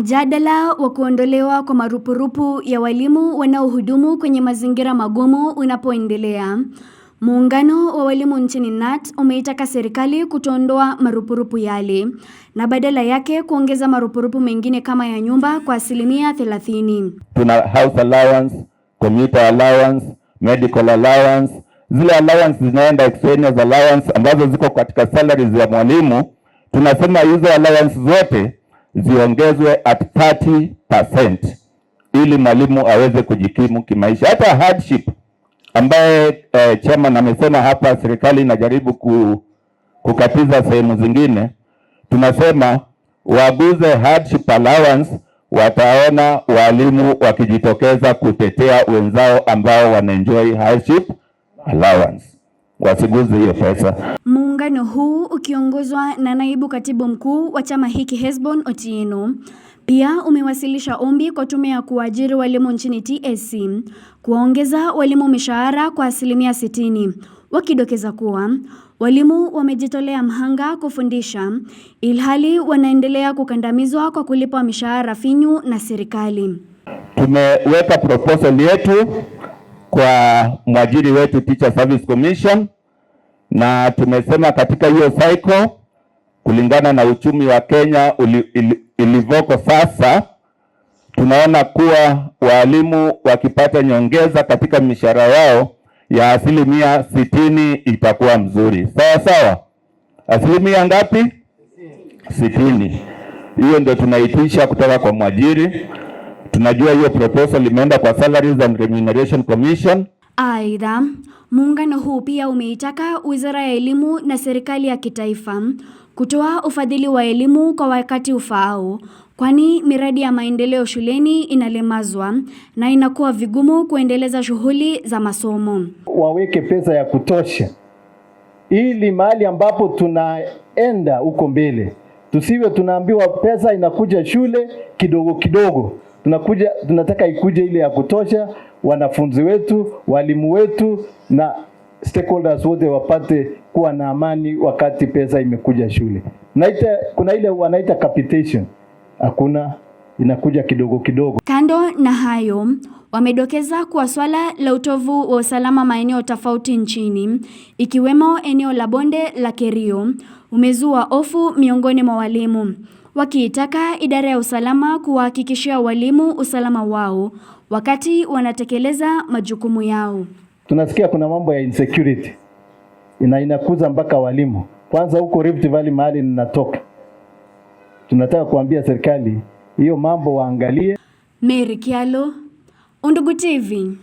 Mjadala wa kuondolewa kwa marupurupu ya walimu wanaohudumu kwenye mazingira magumu unapoendelea, muungano wa walimu nchini KNUT umeitaka serikali kutoondoa marupurupu yale na badala yake kuongeza marupurupu mengine kama ya nyumba kwa asilimia 30. Tuna house allowance, commuter allowance, medical allowance, zile allowance zinaenda extraneous allowance ambazo ziko katika salaries ya mwalimu. Tunasema hizo allowance zote ziongezwe at 30% ili mwalimu aweze kujikimu kimaisha. Hata hardship ambaye eh, chairman amesema hapa, serikali inajaribu ku, kukatiza sehemu zingine, tunasema waguze hardship allowance, wataona walimu wakijitokeza kutetea wenzao ambao wanaenjoy hardship allowance wasiguze hiyo pesa. Muungano huu ukiongozwa na naibu katibu mkuu wa chama hiki Hesbon Otieno pia umewasilisha ombi kwa tume ya kuajiri walimu nchini TSC kuwaongeza walimu mishahara kwa asilimia sitini, wakidokeza kuwa walimu wamejitolea mhanga kufundisha ilhali wanaendelea kukandamizwa kwa kulipwa mishahara finyu na serikali. Tumeweka proposal yetu kwa mwajiri wetu Teacher Service Commission na tumesema katika hiyo cycle kulingana na uchumi wa Kenya ilivoko sasa, tunaona kuwa walimu wakipata nyongeza katika mishahara yao ya asilimia sitini itakuwa mzuri. Sawa sawa, asilimia ngapi? Sitini. Hiyo ndio tunaitisha kutoka kwa mwajiri. Tunajua hiyo proposal imeenda kwa Salaries and Remuneration Commission. Aidha Muungano huu pia umeitaka Wizara ya Elimu na serikali ya kitaifa kutoa ufadhili wa elimu kwa wakati ufaao, kwani miradi ya maendeleo shuleni inalemazwa na inakuwa vigumu kuendeleza shughuli za masomo. Waweke pesa ya kutosha ili mahali ambapo tunaenda huko mbele tusiwe tunaambiwa pesa inakuja shule kidogo kidogo tunakuja, tunataka ikuje ile ya kutosha, wanafunzi wetu, walimu wetu na stakeholders wote wapate kuwa na amani wakati pesa imekuja shule. Naita, kuna ile wanaita capitation, hakuna inakuja kidogo kidogo. Kando na hayo, wamedokeza kuwa swala la utovu wa usalama maeneo tofauti nchini ikiwemo eneo la bonde la Kerio umezua hofu miongoni mwa walimu wakiitaka idara ya usalama kuwahakikishia walimu usalama wao wakati wanatekeleza majukumu yao. Tunasikia kuna mambo ya insecurity ina inakuza mpaka walimu. Kwanza huko Rift Valley mahali ninatoka, tunataka kuambia serikali hiyo mambo waangalie. Mary Kialo, Undugu TV.